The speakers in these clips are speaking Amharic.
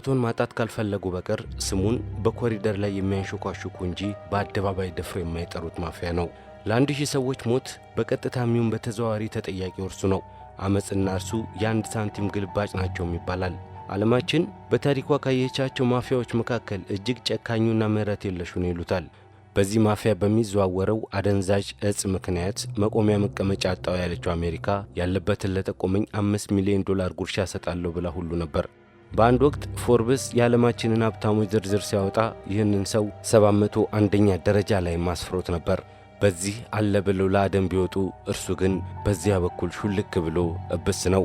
ሕይወቱን ማጣት ካልፈለጉ በቀር ስሙን በኮሪደር ላይ የሚያንሾኳሹኩ እንጂ በአደባባይ ደፍረው የማይጠሩት ማፊያ ነው። ለአንድ ሺህ ሰዎች ሞት በቀጥታ የሚሆን በተዘዋዋሪ ተጠያቂ እርሱ ነው። አመፅና እርሱ የአንድ ሳንቲም ግልባጭ ናቸውም ይባላል። ዓለማችን በታሪኳ ካየቻቸው ማፊያዎች መካከል እጅግ ጨካኙና ምሕረት የለሹ ነው ይሉታል። በዚህ ማፊያ በሚዘዋወረው አደንዛዥ እጽ ምክንያት መቆሚያ መቀመጫ አጣው ያለችው አሜሪካ ያለበትን ለጠቆመኝ አምስት ሚሊዮን ዶላር ጉርሻ ሰጣለሁ ብላ ሁሉ ነበር። በአንድ ወቅት ፎርብስ የዓለማችንን ሀብታሞች ዝርዝር ሲያወጣ ይህንን ሰው 701 አንደኛ ደረጃ ላይ ማስፍሮት ነበር። በዚህ አለ ብለው ለአደም ቢወጡ እርሱ ግን በዚያ በኩል ሹልክ ብሎ እብስ ነው።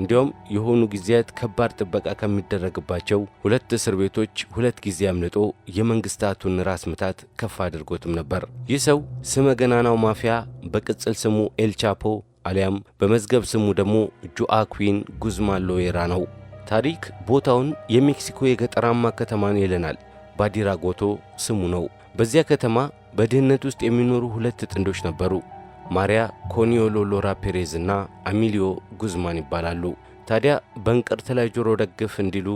እንዲያውም የሆኑ ጊዜያት ከባድ ጥበቃ ከሚደረግባቸው ሁለት እስር ቤቶች ሁለት ጊዜ አምልጦ የመንግስታቱን ራስ ምታት ከፍ አድርጎትም ነበር። ይህ ሰው ስመ ገናናው ማፊያ በቅጽል ስሙ ኤልቻፖ አሊያም በመዝገብ ስሙ ደግሞ ጁአኩዊን ጉዝማን ሎዌራ ነው። ታሪክ ቦታውን የሜክሲኮ የገጠራማ ከተማን ይለናል። ባዲራጎቶ ስሙ ነው። በዚያ ከተማ በድህነት ውስጥ የሚኖሩ ሁለት ጥንዶች ነበሩ። ማሪያ ኮኒዮሎ ሎራ ፔሬዝ እና አሚሊዮ ጉዝማን ይባላሉ። ታዲያ በእንቅርት ላይ ጆሮ ደግፍ እንዲሉ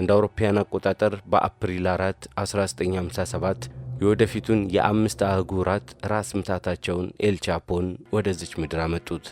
እንደ አውሮፓውያን አቆጣጠር በአፕሪል 4 1957 የወደፊቱን የአምስት አህጉራት ራስ ምታታቸውን ኤልቻፖን ወደዚች ምድር አመጡት።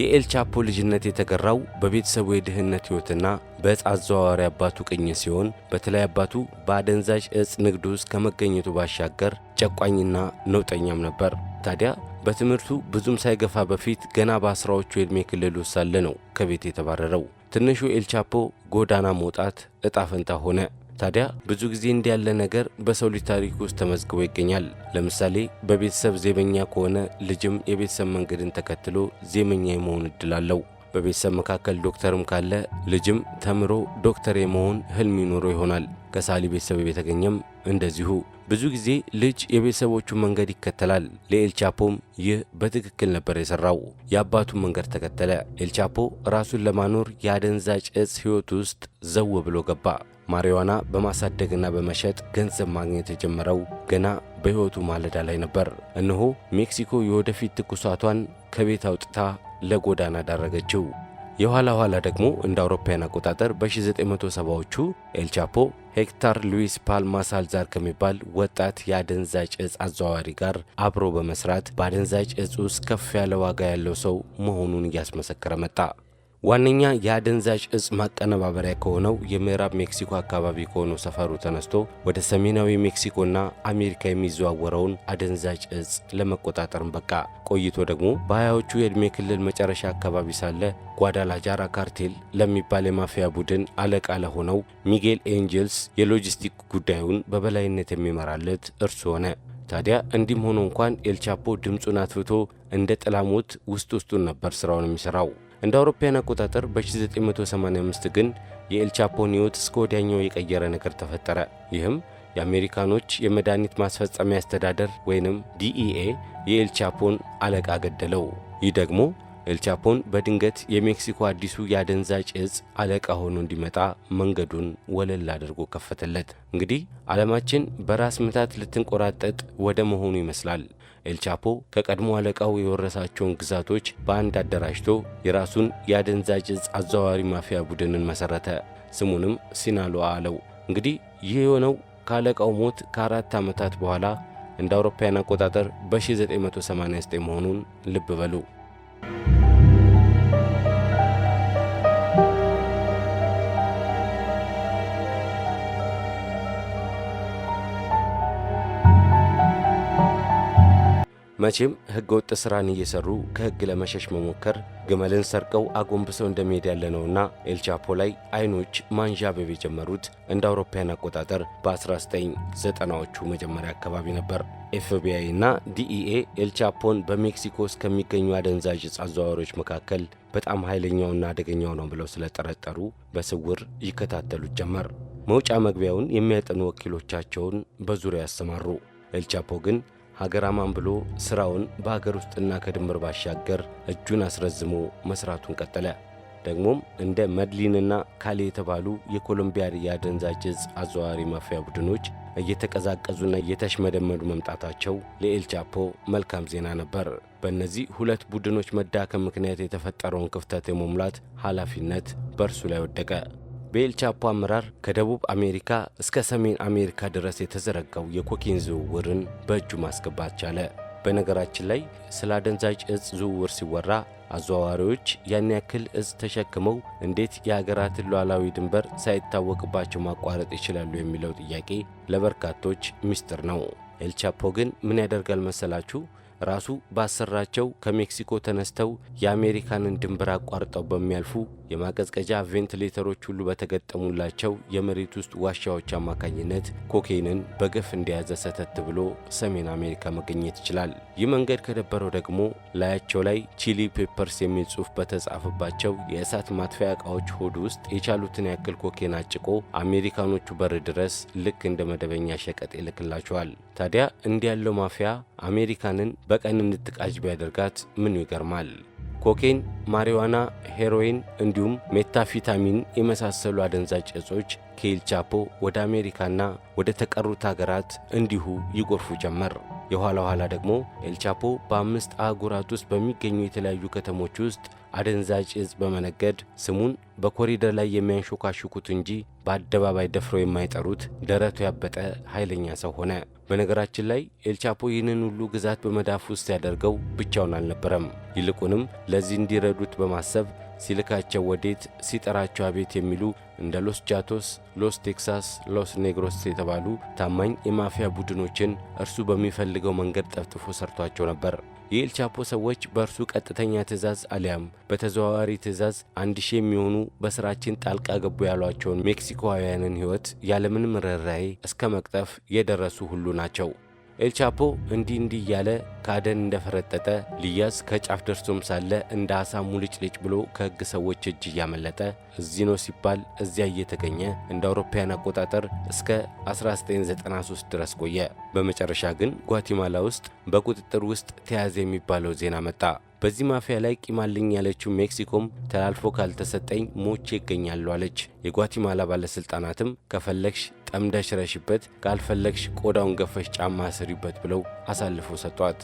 የኤልቻፖ ልጅነት የተገራው በቤተሰቡ የድህነት ሕይወትና በእጽ አዘዋዋሪ አባቱ ቅኝ ሲሆን በተለይ አባቱ በአደንዛዥ እጽ ንግድ ውስጥ ከመገኘቱ ባሻገር ጨቋኝና ነውጠኛም ነበር። ታዲያ በትምህርቱ ብዙም ሳይገፋ በፊት ገና በአስራዎቹ የዕድሜ ክልል ውስጥ ሳለ ነው ከቤት የተባረረው። ትንሹ ኤልቻፖ ጎዳና መውጣት ዕጣ ፈንታ ሆነ። ታዲያ ብዙ ጊዜ እንዲህ ያለ ነገር በሰው ልጅ ታሪክ ውስጥ ተመዝግቦ ይገኛል። ለምሳሌ በቤተሰብ ዜመኛ ከሆነ ልጅም የቤተሰብ መንገድን ተከትሎ ዜመኛ የመሆን እድል አለው። በቤተሰብ መካከል ዶክተርም ካለ ልጅም ተምሮ ዶክተር የመሆን ህልም ይኖረው ይሆናል። ከሳሊ ቤተሰብ የተገኘም እንደዚሁ። ብዙ ጊዜ ልጅ የቤተሰቦቹን መንገድ ይከተላል። ለኤልቻፖም ይህ በትክክል ነበር የሰራው። የአባቱን መንገድ ተከተለ። ኤልቻፖ ራሱን ለማኖር የአደንዛጭ እጽ ህይወት ውስጥ ዘው ብሎ ገባ። ማሪዋና በማሳደግና በመሸጥ ገንዘብ ማግኘት የጀመረው ገና በሕይወቱ ማለዳ ላይ ነበር። እነሆ ሜክሲኮ የወደፊት ትኩሳቷን ከቤት አውጥታ ለጎዳና ዳረገችው። የኋላ ኋላ ደግሞ እንደ አውሮፓውያን አቆጣጠር በ1970ዎቹ ኤልቻፖ ሄክታር ሉዊስ ፓልማ ሳልዛር ከሚባል ወጣት የአደንዛጭ እጽ አዘዋዋሪ ጋር አብሮ በመስራት በአደንዛጭ እጽ ውስጥ ከፍ ያለ ዋጋ ያለው ሰው መሆኑን እያስመሰከረ መጣ። ዋነኛ የአደንዛዥ እጽ ማቀነባበሪያ ከሆነው የምዕራብ ሜክሲኮ አካባቢ ከሆኑ ሰፈሩ ተነስቶ ወደ ሰሜናዊ ሜክሲኮና አሜሪካ የሚዘዋወረውን አደንዛዥ እጽ ለመቆጣጠርም በቃ። ቆይቶ ደግሞ በሀያዎቹ የዕድሜ ክልል መጨረሻ አካባቢ ሳለ ጓዳላጃራ ካርቴል ለሚባል የማፊያ ቡድን አለቃ ለሆነው ሚጌል ኤንጀልስ የሎጂስቲክ ጉዳዩን በበላይነት የሚመራለት እርሱ ሆነ። ታዲያ እንዲህም ሆኖ እንኳን ኤልቻፖ ድምፁን አትፍቶ እንደ ጥላሞት ውስጥ ውስጡን ነበር ስራውን የሚሰራው። እንደ አውሮፓውያን አቆጣጠር በ1985 ግን የኤልቻፖን ህይወት እስከ ወዲያኛው የቀየረ ነገር ተፈጠረ። ይህም የአሜሪካኖች የመድኃኒት ማስፈጸሚያ አስተዳደር ወይንም ዲኢኤ የኤልቻፖን አለቃ ገደለው። ይህ ደግሞ ኤልቻፖን በድንገት የሜክሲኮ አዲሱ የአደንዛዥ እጽ አለቃ ሆኖ እንዲመጣ መንገዱን ወለል አድርጎ ከፈተለት። እንግዲህ ዓለማችን በራስ ምታት ልትንቆራጠጥ ወደ መሆኑ ይመስላል። ኤልቻፖ ከቀድሞ አለቃው የወረሳቸውን ግዛቶች በአንድ አደራጅቶ የራሱን የአደንዛዥ ዕፅ አዘዋዋሪ ማፊያ ቡድንን መሠረተ። ስሙንም ሲናሉዋ አለው። እንግዲህ ይህ የሆነው ከአለቃው ሞት ከአራት ዓመታት በኋላ እንደ አውሮፓውያን አቆጣጠር በ1989 መሆኑን ልብ በሉ። መቼም ሕገ ወጥ ሥራን እየሠሩ ከሕግ ለመሸሽ መሞከር ግመልን ሰርቀው አጎንብሰው እንደሚሄድ ያለ ነውና ኤልቻፖ ላይ አይኖች ማንዣበብ የጀመሩት እንደ አውሮፓያን አቆጣጠር በ1990ዎቹ መጀመሪያ አካባቢ ነበር። ኤፍቢአይ እና ዲኢኤ ኤልቻፖን በሜክሲኮ እስከሚገኙ አደንዛዥ ዕፅ አዘዋዋሪዎች መካከል በጣም ኃይለኛውና አደገኛው ነው ብለው ስለጠረጠሩ በስውር ይከታተሉት ጀመር። መውጫ መግቢያውን የሚያጠኑ ወኪሎቻቸውን በዙሪያ ያሰማሩ። ኤልቻፖ ግን ሀገራማን ብሎ ሥራውን በሀገር ውስጥና ከድንበር ባሻገር እጁን አስረዝሞ መሥራቱን ቀጠለ። ደግሞም እንደ መድሊንና ካሌ የተባሉ የኮሎምቢያ የአደንዛዥ ዕፅ አዘዋዋሪ ማፊያ ቡድኖች እየተቀዛቀዙና እየተሽመደመዱ መምጣታቸው ለኤልቻፖ መልካም ዜና ነበር። በእነዚህ ሁለት ቡድኖች መዳከም ምክንያት የተፈጠረውን ክፍተት የመሙላት ኃላፊነት በእርሱ ላይ ወደቀ። በኤልቻፖ አመራር ከደቡብ አሜሪካ እስከ ሰሜን አሜሪካ ድረስ የተዘረጋው የኮኬን ዝውውርን በእጁ ማስገባት ቻለ። በነገራችን ላይ ስለ አደንዛዥ እጽ ዝውውር ሲወራ አዘዋዋሪዎች ያን ያክል እጽ ተሸክመው እንዴት የሀገራትን ሉዓላዊ ድንበር ሳይታወቅባቸው ማቋረጥ ይችላሉ የሚለው ጥያቄ ለበርካቶች ምስጢር ነው። ኤልቻፖ ግን ምን ያደርጋል መሰላችሁ? ራሱ ባሰራቸው ከሜክሲኮ ተነስተው የአሜሪካንን ድንበር አቋርጠው በሚያልፉ የማቀዝቀዣ ቬንትሌተሮች ሁሉ በተገጠሙላቸው የመሬት ውስጥ ዋሻዎች አማካኝነት ኮኬንን በገፍ እንደያዘ ሰተት ብሎ ሰሜን አሜሪካ መገኘት ይችላል። ይህ መንገድ ከደበረው ደግሞ ላያቸው ላይ ቺሊ ፔፐርስ የሚል ጽሑፍ በተጻፈባቸው የእሳት ማጥፊያ ዕቃዎች ሆድ ውስጥ የቻሉትን ያክል ኮኬን አጭቆ አሜሪካኖቹ በር ድረስ ልክ እንደ መደበኛ ሸቀጥ ይልክላቸዋል። ታዲያ እንዲያለው ማፊያ አሜሪካንን በቀን እንትቃዥ ቢያደርጋት ምኑ ይገርማል? ኮኬን፣ ማሪዋና፣ ሄሮይን እንዲሁም ሜታፊታሚን የመሳሰሉ አደንዛዥ እጾች ከኤልቻፖ ወደ አሜሪካና ወደ ተቀሩት አገራት እንዲሁ ይጎርፉ ጀመር። የኋላ ኋላ ደግሞ ኤልቻፖ በአምስት አህጉራት ውስጥ በሚገኙ የተለያዩ ከተሞች ውስጥ አደንዛዥ እጽ በመነገድ ስሙን በኮሪደር ላይ የሚያንሾካሹኩት እንጂ በአደባባይ ደፍረው የማይጠሩት ደረቱ ያበጠ ኃይለኛ ሰው ሆነ። በነገራችን ላይ ኤልቻፖ ይህንን ሁሉ ግዛት በመዳፍ ውስጥ ያደርገው ብቻውን አልነበረም። ይልቁንም ለዚህ እንዲረዱት በማሰብ ሲልካቸው ወዴት፣ ሲጠራቸው አቤት የሚሉ እንደ ሎስ ጃቶስ፣ ሎስ ቴክሳስ፣ ሎስ ኔግሮስ የተባሉ ታማኝ የማፊያ ቡድኖችን እርሱ በሚፈልገው መንገድ ጠፍጥፎ ሰርቷቸው ነበር። የኤልቻፖ ሰዎች በእርሱ ቀጥተኛ ትእዛዝ አሊያም በተዘዋዋሪ ትእዛዝ አንድ ሺህ የሚሆኑ በስራችን ጣልቃ ገቡ ያሏቸውን ሜክሲኮውያንን ሕይወት ያለምንም ርኅራኄ እስከ መቅጠፍ የደረሱ ሁሉ ናቸው። ኤልቻፖ እንዲህ እንዲህ እያለ ከአደን እንደፈረጠጠ ሊያስ ከጫፍ ደርሶም ሳለ እንደ አሳ ሙልጭልጭ ብሎ ከህግ ሰዎች እጅ እያመለጠ እዚህ ነው ሲባል እዚያ እየተገኘ እንደ አውሮፓውያን አቆጣጠር እስከ 1993 ድረስ ቆየ። በመጨረሻ ግን ጓቲማላ ውስጥ በቁጥጥር ውስጥ ተያዘ የሚባለው ዜና መጣ። በዚህ ማፊያ ላይ ቂማልኝ ያለችው ሜክሲኮም ተላልፎ ካልተሰጠኝ ሞቼ ይገኛሉ አለች። የጓቲማላ ባለሥልጣናትም ከፈለግሽ ጠምደሽ ረሽበት፣ ካልፈለግሽ ቆዳውን ገፈሽ ጫማ ስሪበት ብለው አሳልፎ ሰጧት።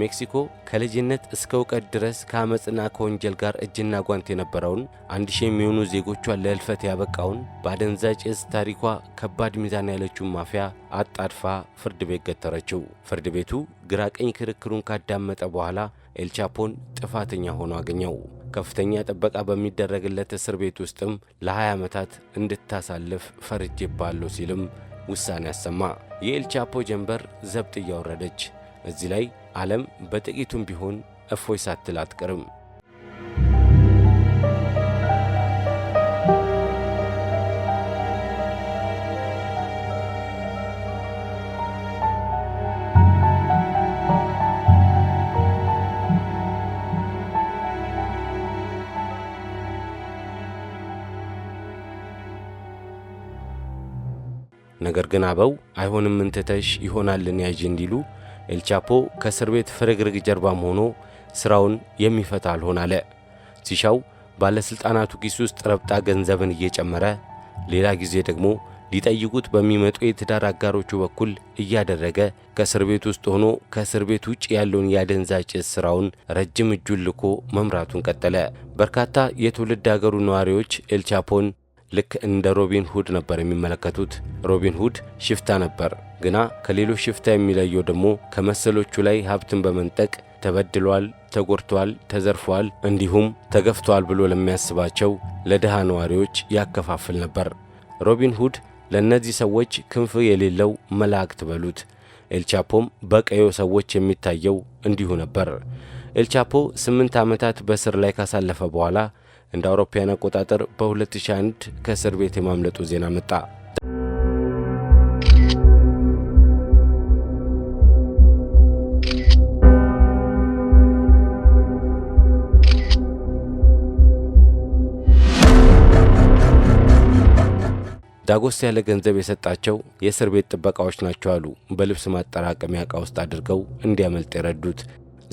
ሜክሲኮ ከልጅነት እስከ እውቀት ድረስ ከአመፅና ከወንጀል ጋር እጅና ጓንት የነበረውን አንድ ሺህ የሚሆኑ ዜጎቿን ለልፈት ያበቃውን በአደንዛዥ ዕፅ ታሪኳ ከባድ ሚዛን ያለችውን ማፊያ አጣድፋ ፍርድ ቤት ገተረችው። ፍርድ ቤቱ ግራቀኝ ክርክሩን ካዳመጠ በኋላ ኤልቻፖን ጥፋተኛ ሆኖ አገኘው። ከፍተኛ ጥበቃ በሚደረግለት እስር ቤት ውስጥም ለ20 ዓመታት እንድታሳልፍ ፈርጄባለሁ ሲልም ውሳኔ አሰማ። የኤልቻፖ ጀንበር ዘብጥ እያወረደች እዚህ ላይ ዓለም በጥቂቱም ቢሆን እፎይ ሳትል አትቀርም። ነገር ግን አበው አይሆንም እንትተሽ ይሆናልን ያዥ እንዲሉ ኤልቻፖ ከእስር ቤት ፍርግርግ ጀርባም ሆኖ ሥራውን የሚፈታ አልሆን አለ። ሲሻው ባለሥልጣናቱ ኪስ ውስጥ ረብጣ ገንዘብን እየጨመረ ሌላ ጊዜ ደግሞ ሊጠይቁት በሚመጡ የትዳር አጋሮቹ በኩል እያደረገ ከእስር ቤት ውስጥ ሆኖ ከእስር ቤት ውጭ ያለውን የአደንዛዥ እፅ ሥራውን ረጅም እጁን ልኮ መምራቱን ቀጠለ። በርካታ የትውልድ አገሩ ነዋሪዎች ኤልቻፖን ልክ እንደ ሮቢን ሁድ ነበር የሚመለከቱት። ሮቢን ሁድ ሽፍታ ነበር፣ ግና ከሌሎች ሽፍታ የሚለየው ደግሞ ከመሰሎቹ ላይ ሀብትን በመንጠቅ ተበድሏል፣ ተጎድቷል፣ ተዘርፏል እንዲሁም ተገፍቷል ብሎ ለሚያስባቸው ለድሃ ነዋሪዎች ያከፋፍል ነበር። ሮቢን ሁድ ለእነዚህ ሰዎች ክንፍ የሌለው መላእክት በሉት። ኤልቻፖም በቀዮ ሰዎች የሚታየው እንዲሁ ነበር። ኤልቻፖ ስምንት ዓመታት በእስር ላይ ካሳለፈ በኋላ እንደ አውሮፓውያን አቆጣጠር በ2001 ከእስር ቤት የማምለጡ ዜና መጣ። ዳጎስ ያለ ገንዘብ የሰጣቸው የእስር ቤት ጥበቃዎች ናቸው አሉ በልብስ ማጠራቀሚያ ዕቃ ውስጥ አድርገው እንዲያመልጥ የረዱት።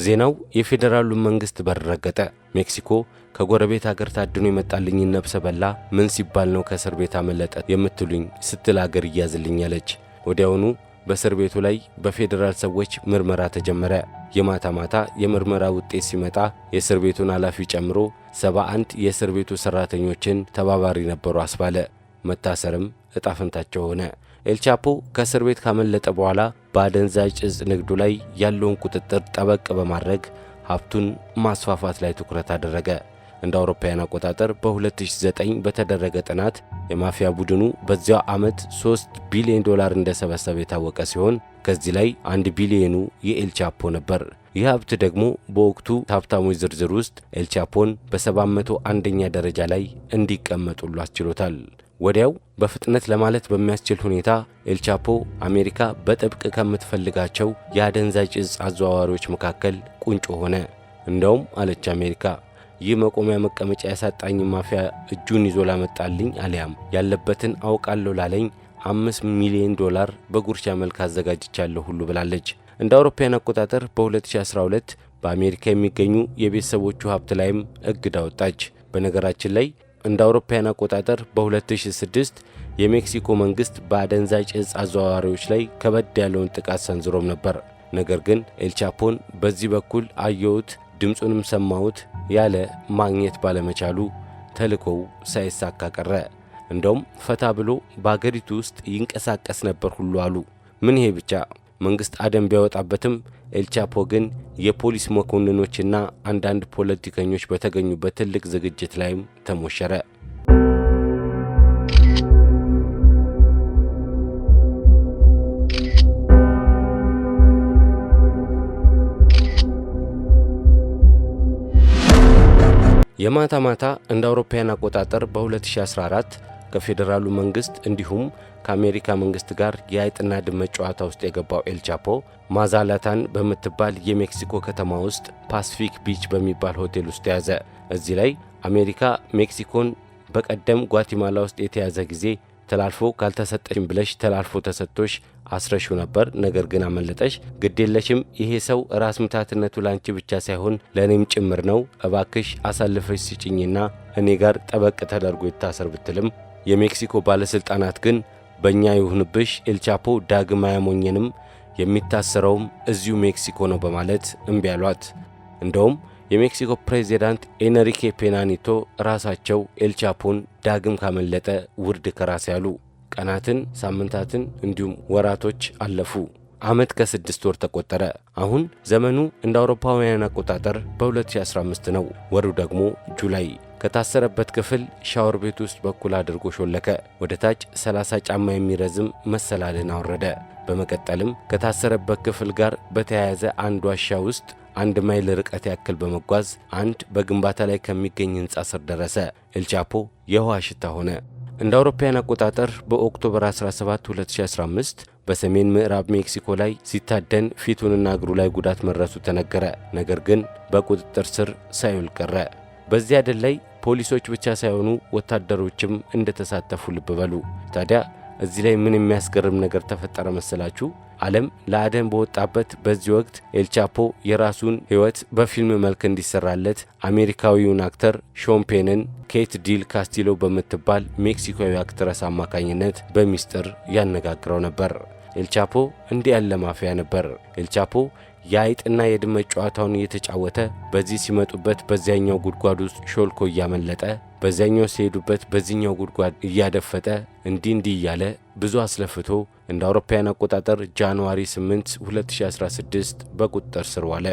ዜናው የፌዴራሉ መንግስት በር ረገጠ። ሜክሲኮ ከጎረቤት አገር ታድኖ የመጣልኝ ነብሰ በላ ምን ሲባል ነው ከእስር ቤት አመለጠ የምትሉኝ ስትል አገር እያዝልኛለች። ወዲያውኑ በእስር ቤቱ ላይ በፌዴራል ሰዎች ምርመራ ተጀመረ። የማታ ማታ የምርመራ ውጤት ሲመጣ የእስር ቤቱን ኃላፊ ጨምሮ 71 የእስር ቤቱ ሠራተኞችን ተባባሪ ነበሩ አስባለ። መታሰርም እጣፈንታቸው ሆነ። ኤልቻፖ ከእስር ቤት ካመለጠ በኋላ በአደንዛዥ እጽ ንግዱ ላይ ያለውን ቁጥጥር ጠበቅ በማድረግ ሀብቱን ማስፋፋት ላይ ትኩረት አደረገ። እንደ አውሮፓውያን አቆጣጠር በ2009 በተደረገ ጥናት የማፊያ ቡድኑ በዚያው ዓመት 3 ቢሊዮን ዶላር እንደሰበሰበ የታወቀ ሲሆን ከዚህ ላይ አንድ ቢሊዮኑ የኤልቻፖ ነበር። ይህ ሀብት ደግሞ በወቅቱ ሀብታሞች ዝርዝር ውስጥ ኤልቻፖን በ701ኛ ደረጃ ላይ እንዲቀመጡሉ አስችሎታል። ወዲያው በፍጥነት ለማለት በሚያስችል ሁኔታ ኤልቻፖ አሜሪካ በጥብቅ ከምትፈልጋቸው የአደንዛዥ እጽ አዘዋዋሪዎች መካከል ቁንጮ ሆነ። እንደውም አለች አሜሪካ ይህ መቆሚያ መቀመጫ ያሳጣኝ ማፊያ እጁን ይዞ ላመጣልኝ አሊያም ያለበትን አውቃለሁ ላለኝ አምስት ሚሊዮን ዶላር በጉርሻ መልክ አዘጋጅቻለሁ ሁሉ ብላለች። እንደ አውሮፓውያን አቆጣጠር በ2012 በአሜሪካ የሚገኙ የቤተሰቦቹ ሀብት ላይም እግድ አወጣች። በነገራችን ላይ እንደ አውሮፓውያን አቆጣጠር በ2006 የሜክሲኮ መንግስት በአደንዛዥ እጽ አዘዋዋሪዎች ላይ ከበድ ያለውን ጥቃት ሰንዝሮም ነበር። ነገር ግን ኤልቻፖን በዚህ በኩል አየሁት፣ ድምፁንም ሰማሁት ያለ ማግኘት ባለመቻሉ ተልእኮው ሳይሳካ ቀረ። እንደውም ፈታ ብሎ በአገሪቱ ውስጥ ይንቀሳቀስ ነበር ሁሉ አሉ። ምን ይሄ ብቻ መንግስት አደን ቢያወጣበትም ኤልቻፖ ግን የፖሊስ መኮንኖችና አንዳንድ ፖለቲከኞች በተገኙበት ትልቅ ዝግጅት ላይም ተሞሸረ። የማታ ማታ እንደ አውሮፓውያን አቆጣጠር በ2014 ከፌዴራሉ መንግስት እንዲሁም ከአሜሪካ መንግስት ጋር የአይጥና ድመት ጨዋታ ውስጥ የገባው ኤልቻፖ ማዛላታን በምትባል የሜክሲኮ ከተማ ውስጥ ፓስፊክ ቢች በሚባል ሆቴል ውስጥ ተያዘ። እዚህ ላይ አሜሪካ ሜክሲኮን በቀደም ጓቲማላ ውስጥ የተያዘ ጊዜ ተላልፎ ካልተሰጠሽም ብለሽ ተላልፎ ተሰጥቶሽ አስረሹ ነበር፣ ነገር ግን አመለጠሽ። ግዴለሽም ይሄ ሰው ራስ ምታትነቱ ላንቺ ብቻ ሳይሆን ለእኔም ጭምር ነው። እባክሽ አሳልፈሽ ስጭኝና እኔ ጋር ጠበቅ ተደርጎ ይታሰር ብትልም የሜክሲኮ ባለሥልጣናት ግን በእኛ ይሁንብሽ ኤልቻፖ ዳግም አያሞኘንም፣ የሚታሰረውም እዚሁ ሜክሲኮ ነው በማለት እምቢ አሏት። እንደውም የሜክሲኮ ፕሬዚዳንት ኤነሪኬ ፔናኒቶ ራሳቸው ኤልቻፖን ዳግም ካመለጠ ውርድ ከራስ ያሉ። ቀናትን፣ ሳምንታትን እንዲሁም ወራቶች አለፉ። ዓመት ከስድስት ወር ተቆጠረ። አሁን ዘመኑ እንደ አውሮፓውያን አቆጣጠር በ2015 ነው። ወሩ ደግሞ ጁላይ። ከታሰረበት ክፍል ሻወር ቤት ውስጥ በኩል አድርጎ ሾለከ። ወደ ታች 30 ጫማ የሚረዝም መሰላልን አወረደ። በመቀጠልም ከታሰረበት ክፍል ጋር በተያያዘ አንድ ዋሻ ውስጥ አንድ ማይል ርቀት ያክል በመጓዝ አንድ በግንባታ ላይ ከሚገኝ ሕንፃ ስር ደረሰ። ኤልቻፖ የውሃ ሽታ ሆነ። እንደ አውሮፓውያን አቆጣጠር በኦክቶበር 17 2015 በሰሜን ምዕራብ ሜክሲኮ ላይ ሲታደን ፊቱንና እግሩ ላይ ጉዳት መድረሱ ተነገረ። ነገር ግን በቁጥጥር ስር ሳይውል ቀረ። በዚያ አደን ላይ ፖሊሶች ብቻ ሳይሆኑ ወታደሮችም እንደተሳተፉ ልብ በሉ። ታዲያ እዚህ ላይ ምን የሚያስገርም ነገር ተፈጠረ መሰላችሁ? ዓለም ለአደን በወጣበት በዚህ ወቅት ኤልቻፖ የራሱን ሕይወት በፊልም መልክ እንዲሰራለት አሜሪካዊውን አክተር ሾምፔንን ኬት ዲል ካስቲሎ በምትባል ሜክሲኮዊ አክትረስ አማካኝነት በሚስጥር ያነጋግረው ነበር። ኤልቻፖ እንዲህ ያለ ማፊያ ነበር። ኤልቻፖ የአይጥና የድመት ጨዋታውን እየተጫወተ በዚህ ሲመጡበት በዚያኛው ጉድጓድ ውስጥ ሾልኮ እያመለጠ በዚያኛው ሲሄዱበት በዚህኛው ጉድጓድ እያደፈጠ እንዲህ እንዲህ እያለ ብዙ አስለፍቶ እንደ አውሮፓውያን አቆጣጠር ጃንዋሪ 8 2016 በቁጥጥር ስር ዋለ።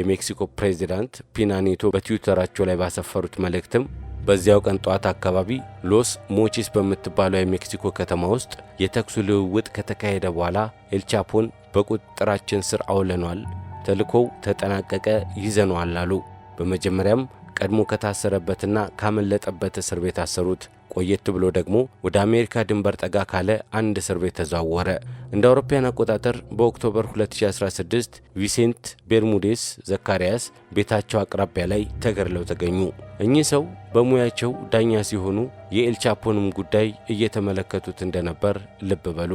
የሜክሲኮ ፕሬዚዳንት ፒናኔቶ በትዊተራቸው ላይ ባሰፈሩት መልእክትም በዚያው ቀን ጠዋት አካባቢ ሎስ ሞቺስ በምትባለው የሜክሲኮ ከተማ ውስጥ የተኩስ ልውውጥ ከተካሄደ በኋላ ኤልቻፖን በቁጥጥራችን ስር አውለኗል፣ ተልእኮው ተጠናቀቀ፣ ይዘነዋል አሉ። በመጀመሪያም ቀድሞ ከታሰረበትና ካመለጠበት እስር ቤት አሰሩት። ቆየት ብሎ ደግሞ ወደ አሜሪካ ድንበር ጠጋ ካለ አንድ እስር ቤት ተዘዋወረ። እንደ አውሮፓውያን አቆጣጠር በኦክቶበር 2016 ቪሴንት ቤርሙዴስ ዘካሪያስ ቤታቸው አቅራቢያ ላይ ተገድለው ተገኙ። እኚህ ሰው በሙያቸው ዳኛ ሲሆኑ የኤልቻፖንም ጉዳይ እየተመለከቱት እንደነበር ልብ በሉ።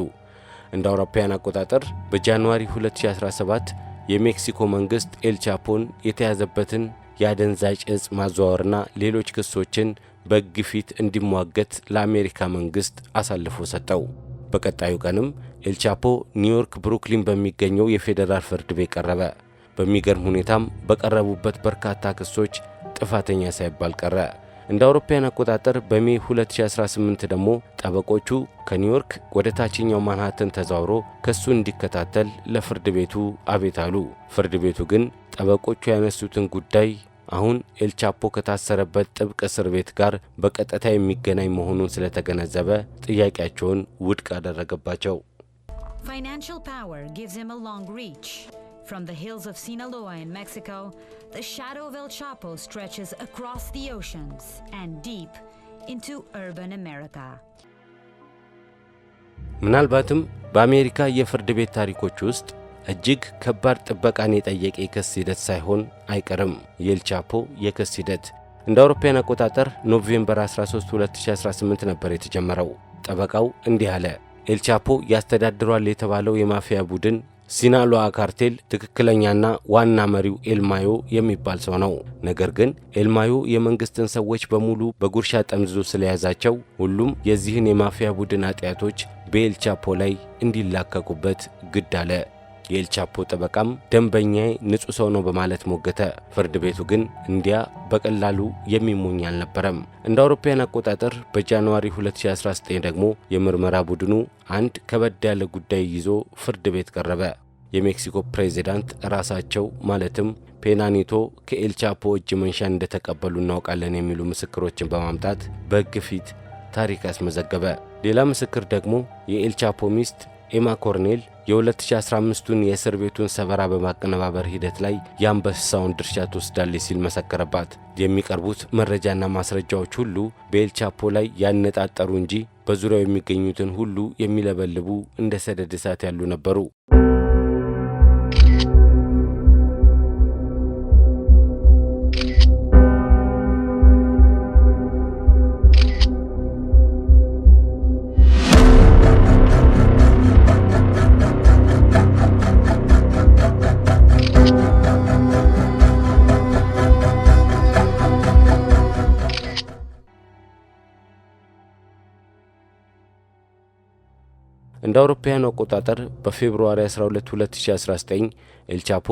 እንደ አውሮፓውያን አቆጣጠር በጃንዋሪ 2017 የሜክሲኮ መንግሥት ኤልቻፖን የተያዘበትን የአደንዛዥ እጽ ማዘዋወርና ሌሎች ክሶችን በሕግ ፊት እንዲሟገት ለአሜሪካ መንግሥት አሳልፎ ሰጠው። በቀጣዩ ቀንም ኤልቻፖ ኒውዮርክ ብሩክሊን በሚገኘው የፌዴራል ፍርድ ቤት ቀረበ። በሚገርም ሁኔታም በቀረቡበት በርካታ ክሶች ጥፋተኛ ሳይባል ቀረ። እንደ አውሮፓውያን አቆጣጠር በሜ 2018 ደግሞ ጠበቆቹ ከኒውዮርክ ወደ ታችኛው ማንሃተን ተዛውሮ ክሱን እንዲከታተል ለፍርድ ቤቱ አቤት አሉ። ፍርድ ቤቱ ግን ጠበቆቹ ያነሱትን ጉዳይ አሁን ኤልቻፖ ከታሰረበት ጥብቅ እስር ቤት ጋር በቀጥታ የሚገናኝ መሆኑን ስለተገነዘበ ጥያቄያቸውን ውድቅ አደረገባቸው። Financial power gives him a long reach. From the hills of Sinaloa in Mexico, the shadow of El Chapo stretches across the oceans and deep into urban America. ምናልባትም በአሜሪካ የፍርድ ቤት ታሪኮች ውስጥ እጅግ ከባድ ጥበቃን የጠየቀ የክስ ሂደት ሳይሆን አይቀርም። የኤልቻፖ የክስ ሂደት እንደ አውሮፓውያን አቆጣጠር ኖቬምበር 13 2018 ነበር የተጀመረው። ጠበቃው እንዲህ አለ። ኤልቻፖ ያስተዳድሯል የተባለው የማፊያ ቡድን ሲናሎዋ ካርቴል ትክክለኛና ዋና መሪው ኤልማዮ የሚባል ሰው ነው። ነገር ግን ኤልማዮ የመንግስትን ሰዎች በሙሉ በጉርሻ ጠምዝዞ ስለያዛቸው ሁሉም የዚህን የማፊያ ቡድን አጥያቶች በኤልቻፖ ላይ እንዲላከኩበት ግድ አለ። የኤልቻፖ ጠበቃም ደንበኛዬ ንጹህ ሰው ነው በማለት ሞገተ። ፍርድ ቤቱ ግን እንዲያ በቀላሉ የሚሞኝ አልነበረም። እንደ አውሮፓውያን አቆጣጠር በጃንዋሪ 2019 ደግሞ የምርመራ ቡድኑ አንድ ከበድ ያለ ጉዳይ ይዞ ፍርድ ቤት ቀረበ። የሜክሲኮ ፕሬዚዳንት ራሳቸው ማለትም ፔናኒቶ ከኤልቻፖ እጅ መንሻን እንደተቀበሉ እናውቃለን የሚሉ ምስክሮችን በማምጣት በሕግ ፊት ታሪክ አስመዘገበ። ሌላ ምስክር ደግሞ የኤልቻፖ ሚስት ኤማ ኮርኔል የ2015ቱን የእስር ቤቱን ሰበራ በማቀነባበር ሂደት ላይ የአንበሳውን ድርሻ ትወስዳለች ሲል መሰከረባት። የሚቀርቡት መረጃና ማስረጃዎች ሁሉ በኤልቻፖ ላይ ያነጣጠሩ እንጂ በዙሪያው የሚገኙትን ሁሉ የሚለበልቡ እንደ ሰደድ እሳት ያሉ ነበሩ። እንደ አውሮፓውያኑ አቆጣጠር በፌብርዋሪ 12 2019 ኤልቻፖ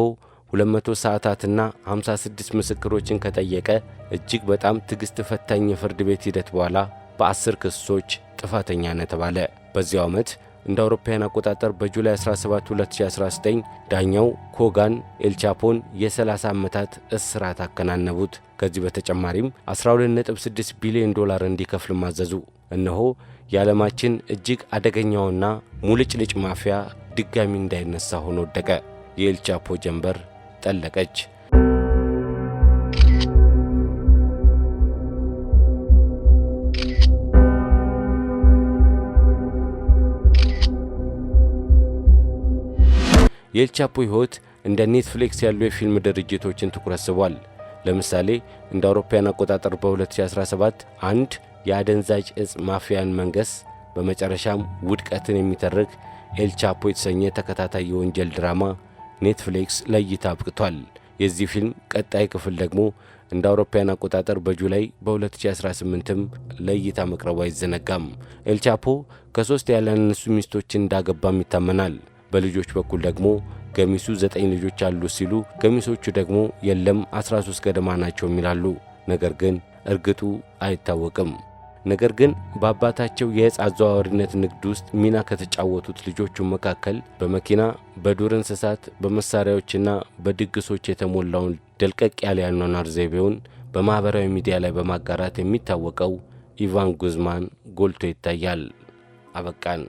200 ሰዓታትና 56 ምስክሮችን ከጠየቀ እጅግ በጣም ትዕግሥት ፈታኝ የፍርድ ቤት ሂደት በኋላ በአስር ክሶች ጥፋተኛ ነው ተባለ። በዚያው ዓመት እንደ አውሮፓውያን አቆጣጠር በጁላይ 17 2019 ዳኛው ኮጋን ኤልቻፖን የ30 ዓመታት እስራት አከናነቡት። ከዚህ በተጨማሪም 126 ቢሊዮን ዶላር እንዲከፍል ማዘዙ። እነሆ የዓለማችን እጅግ አደገኛውና ሙልጭልጭ ማፊያ ድጋሚ እንዳይነሳ ሆኖ ወደቀ። የኤልቻፖ ጀንበር ጠለቀች። የኤልቻፖ ሕይወት እንደ ኔትፍሊክስ ያሉ የፊልም ድርጅቶችን ትኩረት ስቧል። ለምሳሌ እንደ አውሮፓውያን አቆጣጠር በ2017 አንድ የአደንዛዥ እጽ ማፊያን መንገስ፣ በመጨረሻም ውድቀትን የሚተርክ ኤልቻፖ የተሰኘ ተከታታይ የወንጀል ድራማ ኔትፍሊክስ ለእይታ አብቅቷል። የዚህ ፊልም ቀጣይ ክፍል ደግሞ እንደ አውሮፓውያን አቆጣጠር በጁላይ በ2018ም ለእይታ መቅረቡ አይዘነጋም። ኤልቻፖ ከሶስት ያላነሱ ሚስቶችን እንዳገባም ይታመናል። በልጆች በኩል ደግሞ ገሚሱ ዘጠኝ ልጆች አሉ ሲሉ ገሚሶቹ ደግሞ የለም 13 ገደማ ናቸው ይላሉ። ነገር ግን እርግጡ አይታወቅም። ነገር ግን በአባታቸው የዕፅ አዘዋዋሪነት ንግድ ውስጥ ሚና ከተጫወቱት ልጆቹ መካከል በመኪና፣ በዱር እንስሳት፣ በመሳሪያዎችና በድግሶች የተሞላውን ደልቀቅ ያለ ያኗኗር ዘይቤውን በማኅበራዊ ሚዲያ ላይ በማጋራት የሚታወቀው ኢቫን ጉዝማን ጎልቶ ይታያል። አበቃን።